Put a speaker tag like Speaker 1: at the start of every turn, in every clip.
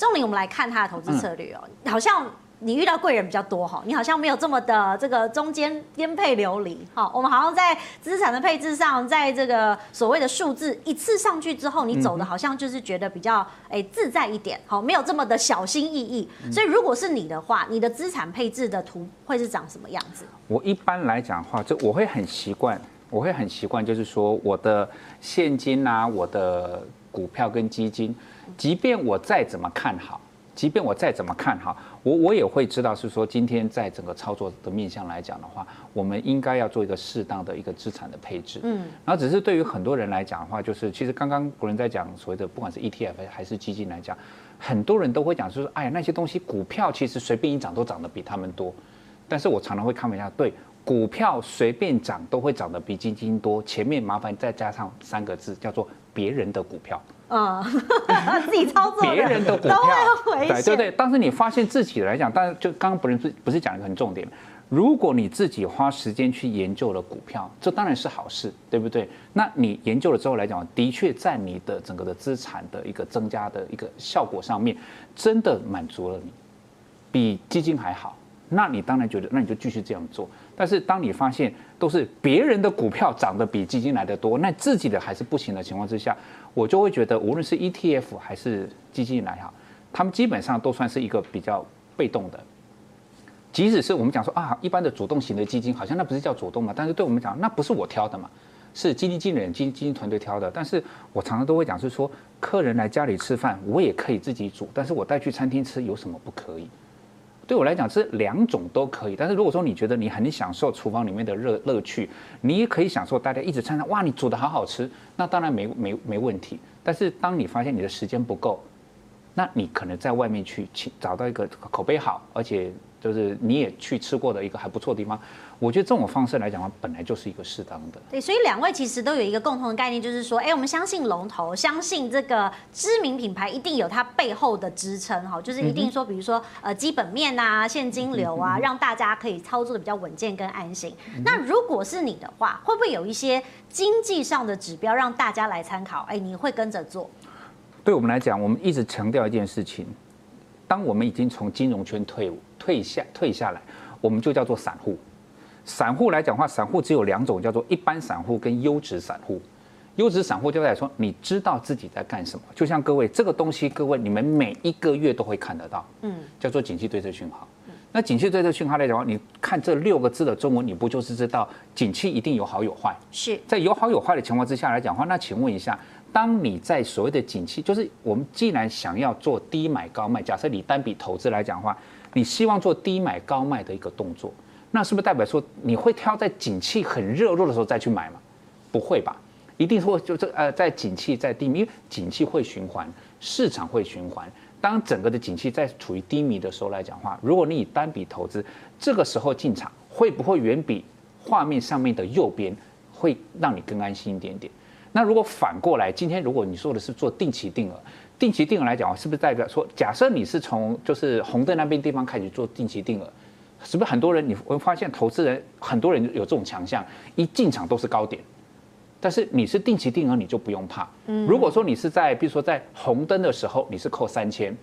Speaker 1: 重點，我們來看他的投資策略哦、喔。嗯、好像你遇到貴人比較多哈、喔，你好像沒有這麼的這個中間顛沛流離哈。我們好像在資產的配置上，在這個所謂的數字一次上去之後，你走的好像就是覺得比較自在一點，好，沒有這麼的小心翼翼。所以如果是你的話，你的資產配置的圖會是長什麼樣子？
Speaker 2: 我一般來講的話，就我會很習慣，我會很習慣，就是說我的現金啊，我的。股票跟基金，即便我再怎麼看好，即便我再怎麼看好，我我也會知道是說，今天在整個操作的面向來講的話，我們應該要做一個適當的一個資產的配置。嗯，然後只是對於很多人來講的話，就是其實剛剛古人在講所謂的，不管是 ETF 還是基金來講，很多人都會講，就是哎呀那些東西股票其實隨便一漲都漲得比他們多，但是我常常會看一下，對股票隨便漲都會漲得比基金多，前面麻煩再加上三個字叫做，別人的股票，
Speaker 1: 啊，自己操作別人的股票都會危險，對對
Speaker 2: 對。但是你發現自己來講，但是就剛剛不能不是講一個很重點。如果你自己花時間去研究了股票，這當然是好事，對不對？那你研究了之後來講，的確在你的整個的資產的一個增加的一個效果上面，真的滿足了你，比基金還好。那你當然覺得，那你就繼續這樣做。但是當你發現都是別人的股票漲得比基金來得多，那自己的還是不行的情況之下，我就會覺得，無論是 ETF 還是基金來好，他們基本上都算是一個比較被動的。即使是我們講說啊，一般的主動型的基金好像那不是叫主動嘛，但是對我們講那不是我挑的嘛，是基金經理、基金，基金團隊挑的。但是我常常都會講是說，客人來家裡吃飯，我也可以自己煮，但是我帶去餐廳吃有什麼不可以？對我來講是兩種都可以，但是如果說你覺得你很享受廚房裡面的樂樂趣，你也可以享受大家一直稱讚，哇，你煮的好好吃，那當然沒沒沒問題。但是當你發現你的時間不夠，那你可能在外面去找到一個口碑好而且。就是你也去吃過的一個還不錯的地方，我覺得這種方式來講的話，本來就是一個適當的。
Speaker 1: 對，所以兩位其實都有一個共同的概念，就是說，哎，我們相信龍頭，相信這個知名品牌一定有它背後的支撐哈，就是一定說，比如說呃基本面啊、現金流啊，讓大家可以操作的比較穩健跟安心。那如果是你的話，會不會有一些經濟上的指標讓大家來參考？哎，你會跟着做？
Speaker 2: 對我們來講，我們一直強調一件事情，當我們已經從金融圈退伍。退下退下來，我們就叫做散戶。散戶來講話，散戶只有兩種，叫做一般散戶跟優質散戶。優質散戶就在說，你知道自己在幹什麼。就像各位這個東西，各位你們每一個月都會看得到，嗯，叫做景氣對策訊號。嗯、那景氣對策訊號來講話，你看這六個字的中文，你不就是知道景氣一定有好有壞？是在有好有壞的情況之下來講話，那請問一下，當你在所謂的景氣，就是我們既然想要做低買高賣，假設你單筆投資來講的話。你希望做低買高賣的一個動作，那是不是代表說你會挑在景氣很熱絡的時候再去買嗎？不會吧，一定會就這呃在景氣在低迷，因為景氣會循環，市場會循環。當整個的景氣在處於低迷的時候來講話，如果你以單筆投資，這個時候進場會不會遠比畫面上面的右邊會讓你更安心一點點？那如果反過來，今天如果你說的是做定期定額。定期定額來講，是不是代表說，假設你是從就是紅燈那邊地方開始做定期定額，是不是很多人你會發現投資人很多人有這種強項，一進場都是高點。但是你是定期定額，你就不用怕。如果說你是在比如說在紅燈的時候，你是扣三千，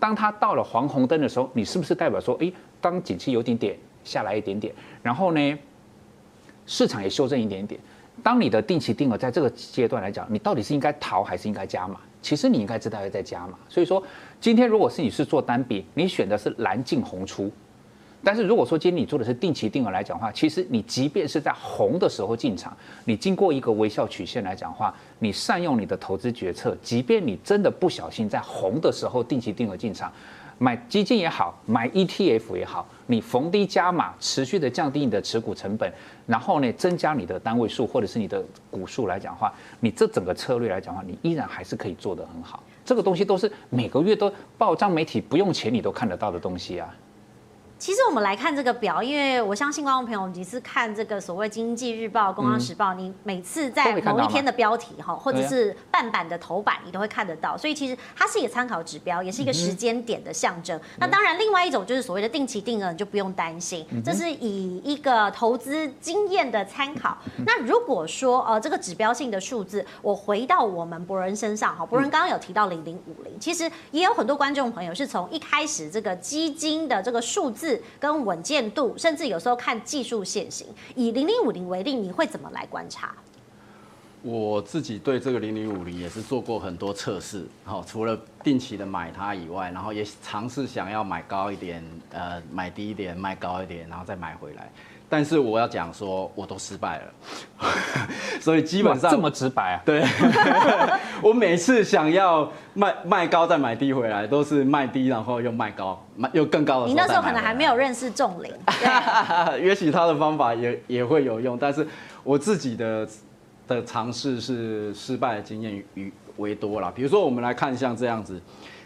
Speaker 2: 當它到了黃紅燈的時候，你是不是代表說，哎，當景氣有點點下來一點點，然後呢，市場也修正一點點。當你的定期定額在這個階段來講，你到底是應該逃還是應該加碼？其實你應該知道要再加碼。所以說，今天如果是你是做單筆，你選的是藍進紅出；但是如果說今天你做的是定期定額來講的話，其實你即便是在紅的時候進場，你經過一個微笑曲線來講的話，你善用你的投資決策，即便你真的不小心在紅的時候定期定額進場。買基金也好，買 ETF 也好，你逢低加碼，持續的降低你的持股成本，然後呢，增加你的單位數或者是你的股數來講的話，你這整個策略來講的話，你依然還是可以做得很好。這個東西都是每個月都報章媒體不用錢你都看得到的東西啊。
Speaker 1: 其實我們來看這個表，因為我相信觀眾朋友，你是看這個所謂《經濟日報》《工商時報》，嗯，你每次在某一天的標題哈，或者是半版的頭版，你都會看得到。所以其實它是一個參考指標，也是一個時間點的象徵。嗯、哼那當然，另外一種就是所謂的定期定額，你就不用擔心，嗯、哼這是以一個投資經驗的參考。嗯、哼那如果說呃，這個指標性的數字，我回到我們博人身上哈，博人剛剛有提到零零五零，其實也有很多觀眾朋友是從一開始這個基金的這個數字。跟穩健度，甚至有時候看技術線型。以零零五零為例，你會怎麼來觀察？
Speaker 3: 我自己對這個零零五零也是做過很多測試，好、哦，除了定期的買它以外，然後也嘗試想要買高一點，呃，買低一點，賣高一點，然後再買回來。但是我要講說，我都失敗了， 所以基本上這麼直白啊。對， 我每次想要賣賣高再買低回來，都是賣低然後又賣高，賣又更高的。你那時候可能還
Speaker 1: 沒有認識仲林，
Speaker 3: 也許 他的方法也也會有用，但是我自己的的嘗試是失敗的經驗與為多啦。比如說，我們來看像這樣子，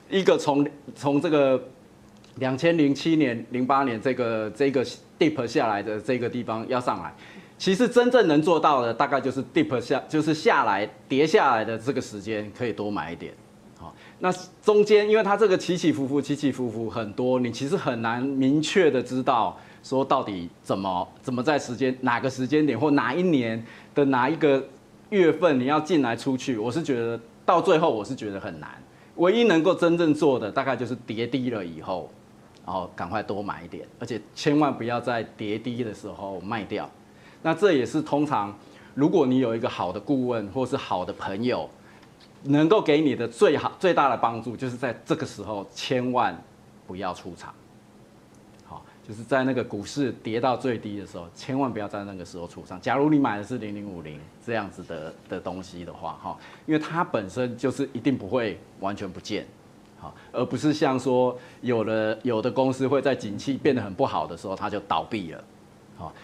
Speaker 3: 一個從從這個。兩千零七年、零八年這個這個 dip 下來的這個地方要上來，其實真正能做到的大概就是 dip 下，就是下來跌下來的這個時間可以多買一點。好，那中間因為它這個起起伏伏、起起伏伏很多，你其實很難明確的知道說到底怎麼怎麼在時間哪個時間點或哪一年的哪一個月份你要進來出去。我是覺得到最後，我是覺得很難，唯一能夠真正做的大概就是跌低了以後。然後趕快多買一點，而且千萬不要在跌低的時候賣掉。那這也是通常，如果你有一個好的顧問或是好的朋友，能夠給你的最好最大的幫助，就是在這個時候千萬不要出場。好，就是在那個股市跌到最低的時候，千萬不要在那個時候出場。假如你買的是零零五零這樣子的的東西的話，哈，因為它本身就是一定不會完全不見。而不是像說有的有的公司會在景氣變得很不好的時候，它就倒閉了，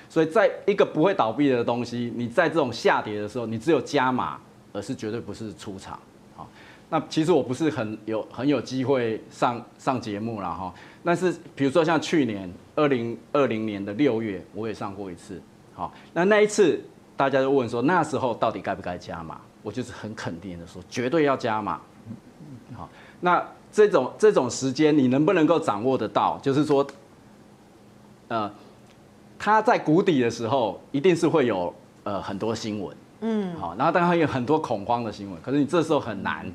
Speaker 3: 所以在一個不會倒閉的東西，你在這種下跌的時候，你只有加碼，而是絕對不是出場，那其實我不是很有很有機會上上節目了哈，但是比如說像去年二零二零年的六月，我也上過一次，那那一次大家就問說那時候到底該不該加碼，我就是很肯定的說絕對要加碼，好，那。這種這種時間你能不能夠掌握得到？就是說，呃，他在谷底的時候，一定是會有呃很多新聞，嗯，好，然後當然有很多恐慌的新聞，可是你這時候很難，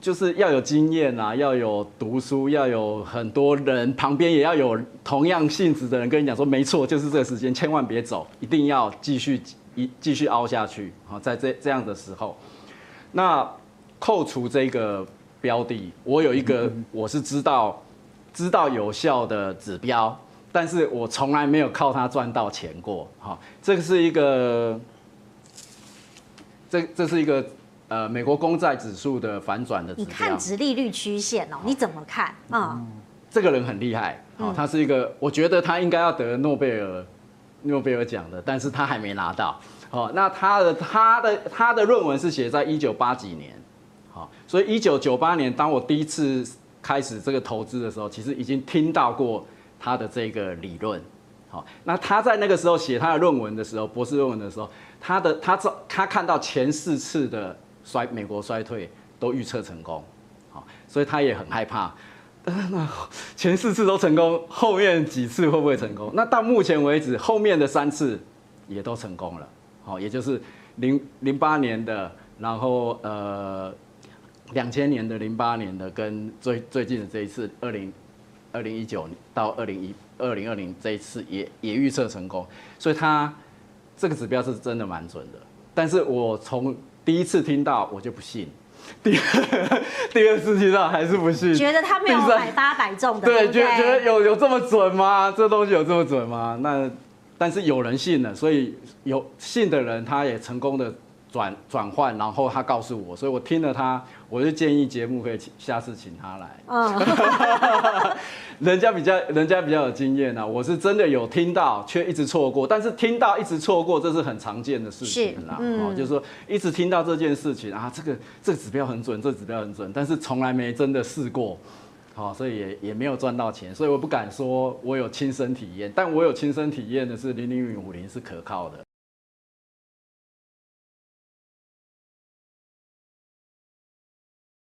Speaker 3: 就是要有經驗啊，要有讀書，要有很多人旁邊也要有同樣性質的人跟你講說，沒錯，就是這個時間，千萬別走，一定要繼續一繼續凹下去，好，在這這樣的時候，那扣除這個。標的，我有一個，我是知道，嗯、知道有效的指標，但是我從來沒有靠它賺到錢過，哈、哦，這個是一個，這這是一個，呃，美國公債指數的反轉的指標。你看殖
Speaker 1: 利率曲線哦，哦你怎麼看啊、嗯嗯？
Speaker 3: 這個人很厲害，好、哦，嗯、他是一個，我覺得他應該要得諾貝爾諾貝爾獎的，但是他還沒拿到，好、哦，那他的他的他的論文是寫在一九八幾年。好，所以一九九八年，當我第一次開始這個投資的時候，其實已經聽到過他的這個理論。好，那他在那個時候寫他的論文的時候，博士論文的時候，他的他他看到前四次的衰美國衰退都預測成功。好，所以他也很害怕。那前四次都成功，後面幾次會不會成功？那到目前為止，後面的三次也都成功了。好，也就是零零八年的，然後呃。兩千年的、零八年的跟最最近的這一次，二零二零一九到二零一二零二零這一次也也預測成功，所以他這個指標是真的蠻準的。但是我從第一次聽到我就不信，第二第二次聽到還是不信，覺
Speaker 1: 得他沒有百發百中的，三對，okay 覺得
Speaker 3: 有有這麼準嗎？這個、東西有這麼準嗎？那但是有人信了，所以有信的人他也成功的。轉轉換，然後他告訴我，所以我聽了他，我就建議節目可以下次請他來。
Speaker 1: 嗯，
Speaker 3: 哦、 人家比較人家比較有經驗啊，我是真的有聽到，卻一直錯過。但是聽到一直錯過，這是很常見的事情啦。是嗯哦、就是說一直聽到這件事情啊，這個這個指標很準，這個、指標很準，但是從來沒真的試過。好、哦，所以也也沒有賺到錢，所以我不敢說我有親身體驗。但我
Speaker 1: 有親身體驗的是零零五零是可靠的。